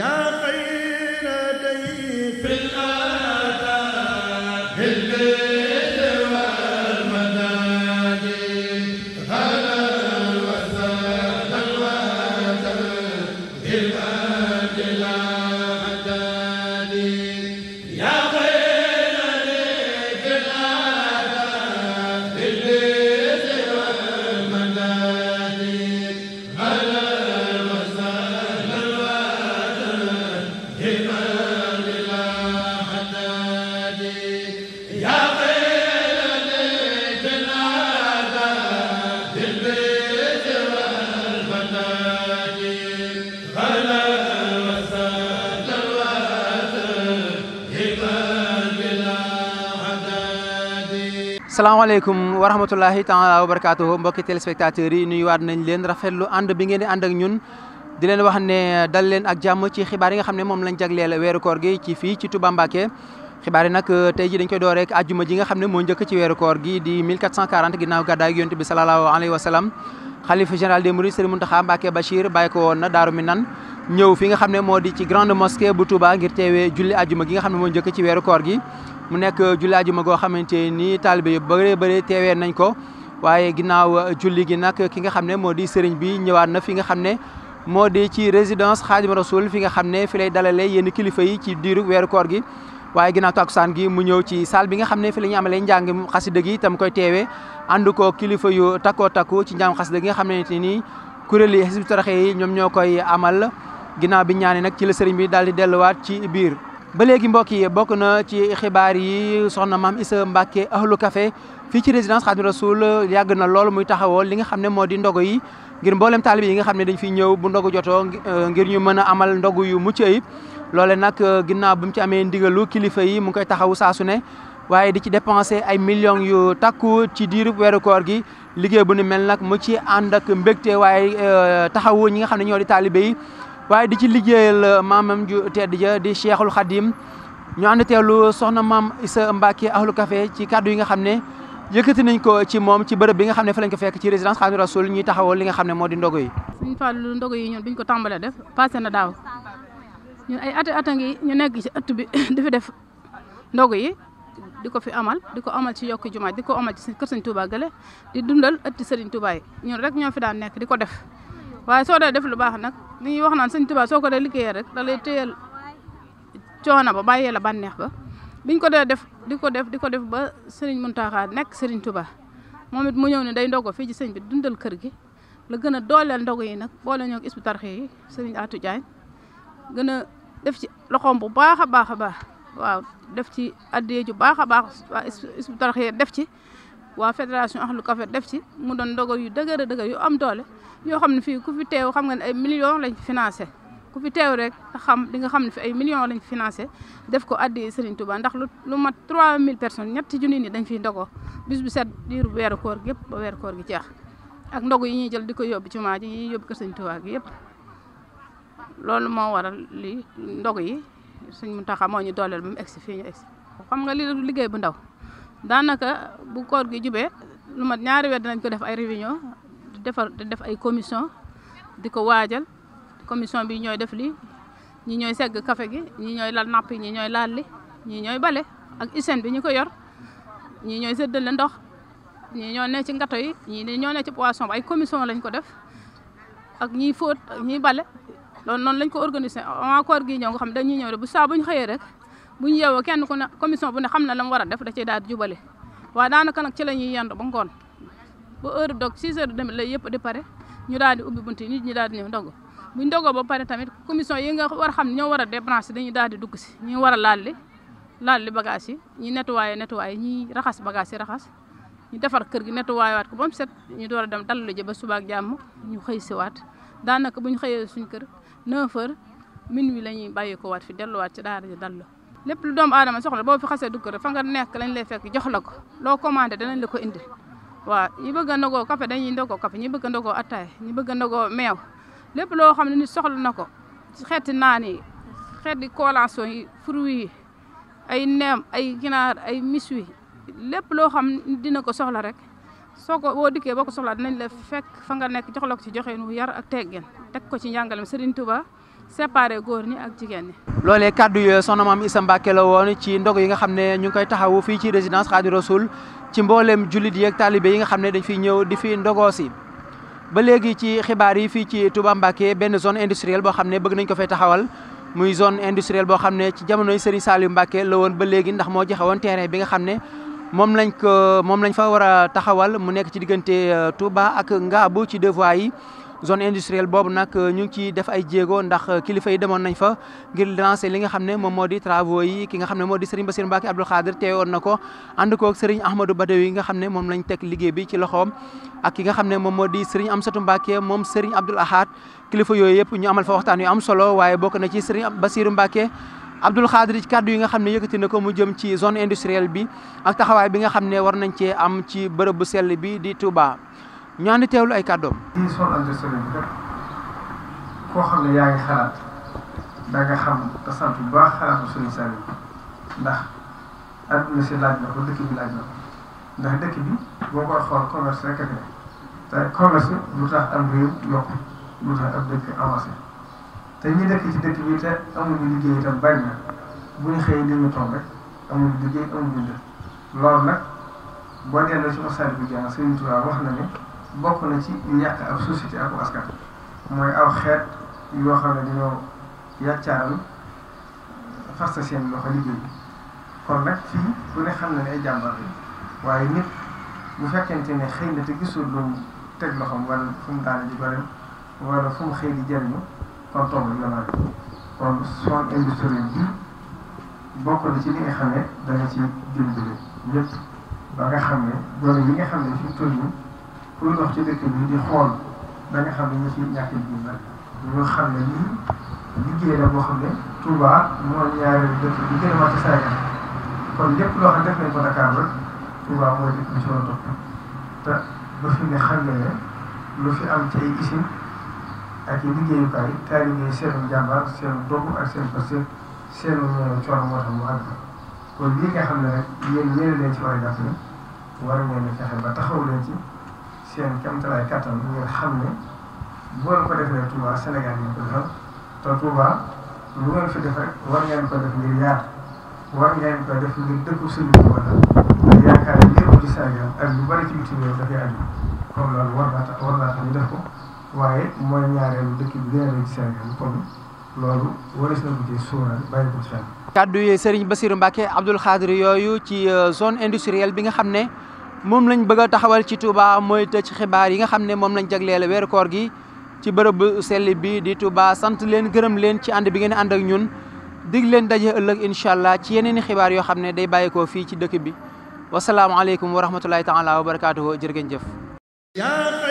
yaa xayra day salaamaaleykum wa rahmatullahi taala wa barakaatuhu mbokki téléspectateurs yi nuyuwaat nañ leen rafetlu ànd bi ngeen di ànd ñun di leen wax ne dal leen ak jàmm ci xibaar yi nga xam ne moom lañ jagleel weeru koor gi ci fii ci Touba Mbacké xibaar yi nag euh, te ji dañ koy door rek ajjuma ji nga xam ne moo njëkk ci weeru koor gi di 1440 ginnaaw gàddaay yonent bi salallaahu alayhi wa sallam xalifa général des mourides Serigne Mountakha Mbacké Bachir bàyyi ko woon na Daaru Minaan ñëw fi nga xam ne moo di ci grande mosquée bu Touba ngir julli ajjuma gi nga xam ne moo njëkk ci weeru koor gi mu nekk euh, julli ajjuma goo xamante ni taalibe yu bëree bëri teewee nañ ko waaye ginnaaw euh, julli gi nag ki nga xam ne moo di sëriñ bi ñëwaat na fi nga xam ne moo di ci résidence Xaadimu Rasuul fi nga xam ne fi lay dalalee yenn kilifa yi ci diiru weeru koor gi waaye ginnaaw takkusaan gi mu ñëw ci salle bi nga xam ne fi la ñu amalee njàng xasida gi itam koy teewee ànd ko kilifa yu takkoo takku ci njàng xasida nga xam ne nii kuréel yi Hizbut yi ñoom ñoo koy amal ginnaaw bi ñaane nag ci la sëriñ bi daal di delluwaat ci biir. ba léegi mbokk yi bokk na ci xibaar yi soxna maam Issa Mbacke ahlu café fii ci résidence Khadim Rasoul yàgg na lool muy taxawoo li nga xam ne moo di ndogu yi ngir mboolem taalibe yi nga xam ne dañ fi ñëw bu ndogu jotoo euh, ngir ñu mën a amal ndogu yu mucc ayib loole nag euh, ginnaaw bi mu ci amee ndigalu kilifa yi mu ngi koy taxawu saa su ne waaye di ci dépensé ay millions yu takku ci diirub weeru koor gi liggéey bu ni mel nag mu ci ànd ak mbégte waaye euh, taxawu ñi nga xam ne ñoo di taalibe yi waaye di ci liggéeyal euh, maamam ju tedd ja di Cheikhul Khadim ñu ànd teelu soxna maam Issa Mbacke ahlu café ci kàddu yi nga xam ne yëkkati nañ ko ci moom ci bërëb bi nga xam ne fa lañ ko fekk ci résidence Khadim Rasoul ñuy taxawoo li nga xam ne moo di yi. suñ fàllu ndogu yi ñun ko tàmbalee def passé na daaw. ñun ay ata ata ngi ñu nekk ci ëtt bi di fi def ndogu yi di ko fi amal di ko amal ci yokk jumaa di ko amal ci kër Sëriñ Touba gële di dundal ëtti Sëriñ Touba yi ñun rek ñoo fi daan nekk di ko def waaye soo dee def lu baax nag li ñuy wax naan Sëriñ Touba soo ko dee liggéeyee rek da lay téyel coono ba bàyyee la bànneex ba biñ ko dee def di ko def di ko def ba Sëriñ Muntaxa nekk Sëriñ Touba moom it mu ñëw ne day ndogo fii ci sëñ bi dundal kër gi la gën a dooleel ndogo yi nag boole ñoo ak Hizbut Sëriñ Atou Diagne def ci loxoom bu baax a baax a baax waaw def ci addee ju baax a baax waa Hizbut def ci waa fédération Ahlou Café def ci mu doon ndogo yu dëgër dëgër yu am doole yoo xam ne fii ku fi teew xam nga ne ay millions lañ fi financé ku fi teew rek xam di nga xam ne fi ay million lañ fi financé def ko addee Serigne Touba ndax lu lu mat 3000 personnes ñetti junni ni dañ fiy ndogoo bis bu set diiru weeru koor gi yëpp ba weeru koor gi jeex ak ndogu yi ñuy jël di ko yóbbu ci maa yi ñuy yóbbu ko Serigne Touba yëpp loolu moo waral lii ndog yi suñ mu taxa moo ñu dooleel ba mu egsi fii ñu egsi xam nga li liggéey bu ndaw daanaka bu koor gi jubee lu mat ñaari weer dinañ ko def ay réunion defar def ay commission di ko waajal commission bi ñooy def lii ñi ñooy segg kafe gi ñi ñooy lal napp ñi ñooy laal li ñi ñooy bale ak hygiène bi ñu ko yor ñi ñooy le ndox ñi ñoo ne ci ngato yi ñi ñoo ne ci poisson ay commission lañ ko def ak ñi fóot ak bale loolu noonu lañ ko organisé avant koor gi ñëw nga xam dañuy ñëw rek bu saa buñ xëyee rek buñ yeewoo kenn ku ne commission bu ne xam na la mu war a def da ciy daal di jubale waaye daanaka nag ci la ñuy yend ba ngoon ba heure dog 6 heures demie la yëpp di pare ñu daal di ubbi bunt yi nit ñi daal di ñëw ndog buñ ndogoo ba pare tamit commission yi nga war a xam ñoo war a débranché dañuy daal di dugg si ñu war a laal li laal li bagage yi ñi nettoyé nettoyé ñi raxas bagage yi raxas ñu defar kër gi nettoyé waat ko ba mu set ñu door a dem dallu ji ba suba ak jàmm ñu xëy si waat daanaka buñ xëyee suñ kër neuf heures minuit la ñuy bàyyi ko waat fi delluwaat ci daara ji dallu lépp lu doomu aadama soxla boo fi xasee dugg rek fa nga nekk lañ lay fekk jox la ko loo commandé danañ la ko indi waaw ñi bëgg a ndogoo café dañuy ndogoo café ñi bëgg a ndogoo attaay ñi bëgg a ndogoo meew lépp loo xam ne nit soxla na ko xeeti naan yi xeeti collation yi fruits ay neem ay ginaar ay miswi lépp loo xam dina ko soxla rek soo ko boo dikkee boo ko soxlaa dinañ la fekk fa nga nekk jox la ko ci joxe nu yar ak teggeen teg ko ci njàngalem Serigne tuba séparé góor ñi ak jigéen ñi. loolee kàddu yooyu soxna maam Issa Mbacke la woon ci ndog yi nga xam ne ñu ngi koy taxawu fii ci résidence Khady Rasoul ci mbooleem jullit yi ak taalibe yi nga xam ne dañ fiy ñëw di fi ndogoo si. ba léegi ci xibaar yi fii ci Touba Mbacke benn zone industrielle boo xam ne bëgg nañ ko fay taxawal muy zone industrielle boo xam ne ci jamonoy Serigne Saliou Mbacke la woon ba léegi ndax moo joxe terrain bi nga xam ne moom lañ ko moom lañ fa war a taxawal mu nekk ci diggante euh, tuba ak Ngaabu ci deux yi zone industrielle boobu nag euh, ñu ngi ciy def ay jéego ndax euh, kilifa yi demoon nañ fa ngir lancer li nga xam ne moom moo di travaux yi ki nga xam ne moo di Serigne Bassirou Mbacké Abdoul Khadir teewoon na ko ànd koog Serigne Ahmadou Badawi yi nga xam ne moom lañ teg liggéey bi ci loxoom ak ki nga xam ne moom moo di Serigne Amsatou Mbacké moom Serigne Abdoul Ahad kilifa yooyu yëpp ñu amal fa waxtaan yu am solo waaye bokk na ci Serigne Bassirou Mbacké Abdoul Khadir ci kàddu yi nga xam ne yëkkati na ko mu jëm ci zone industrielle bi ak taxawaay bi nga xam ne war nañ cee am ci bërëb bu sell bi di Touba ñu andi ay kàddoom. ci zone industrielle bi koo xam ne yaa ngi xalaat da nga xam te sant bu baax xalaatu suñu sànni ndax adduna si laaj na ko dëkk bi laaj na ko ndax dëkk bi boo koy xool commerce rek a te commerce lu tax am réew yokku lu tax ab dëkk avancé. te ñu dëkk ci dëkk bi te amuñu liggéey itam bari na bu ñu xëyee dañu toog rek amuñu liggéey amuñu dëkk loolu nag boo delloo ci message bi jàng Sëriñ Tuubaa wax na ne bokk na ci yàq ak société ak askan mooy aw xeet yoo xam ne dañoo yàccaaral fasta seen loxo liggéey kon nag fii ku ne xam na ne ay jàmbar la waaye nit bu fekkente ne xëy na te gisul lu mu teg loxoom wala fu mu daane ji barem wala fu mu xëy di jëriñu kon tombé nga naan kon bi bokk na ci li nga xam ne da nga ci dimbali ñëpp ba nga xam ne doole yi nga xam ne fi toll nii pour dox ci dëkk bi di xool da xam ne ñu ci ñàkk bi nag ñu xam ne lii liggéey la boo xam ne Touba moo ñaareelu dëkk bi gën loo def nañ ko Dakar rek mooy dëkk bi ci war fi ne xam ne lu fi am ci ay usine ak liggéeyukaay taalibe yi seenu jàmbaar seenu dogu ak seen pastéef seenu ñeewu coono moo tax mu àgg kon lii nga xam ne nag yéen yéen leen ci war a jàppale war ngeen a ba taxaw leen ci seen kéemtalaay kattan ngeen xam ne boo ko defee Touba Sénégal ngeen ko defal te Touba fi def rek war ngeen ko def ngir yaar war ngeen ko def ngir dëkku sëriñ bi wala yaakaar ne lépp di Sénégal ak lu bari ci bitim réew dafay aju comme loolu war na ak saayir kon loolu waris na ko kàddu yi Serigne Bassirou Mbacke Abdoul Khadir yooyu ci euh, zone industrielle bi nga xam ne moom lañ bëgg a taxawal ci Touba mooy tëj xibaar yi nga xam ne moom lañ jagleel weeru koor gi ci bërëb bu sell bi di Touba sant leen gërëm leen ci ànd bi ngeen ànd ak ñun dig leen daje ëllëg incha allah ci yeneen i xibaar yoo xam ne day bàyyeekoo fii ci dëkk bi wasalaamualeykum wa rahmatulahi taala wa barakaatuhu jërë jëf.